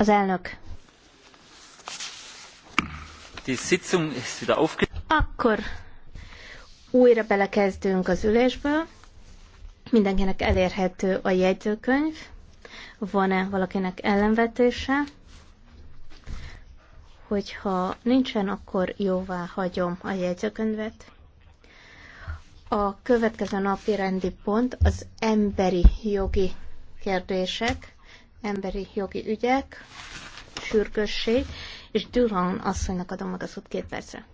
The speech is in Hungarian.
Az elnök. Akkor újra belekezdünk az ülésből. Mindenkinek elérhető a jegyzőkönyv. Van-e valakinek ellenvetése? Hogyha nincsen, akkor jóvá hagyom a jegyzőkönyvet. A következő napi rendi pont az emberi jogi kérdések emberi jogi ügyek, sürgősség, és Duran asszonynak adom meg a szót két percre.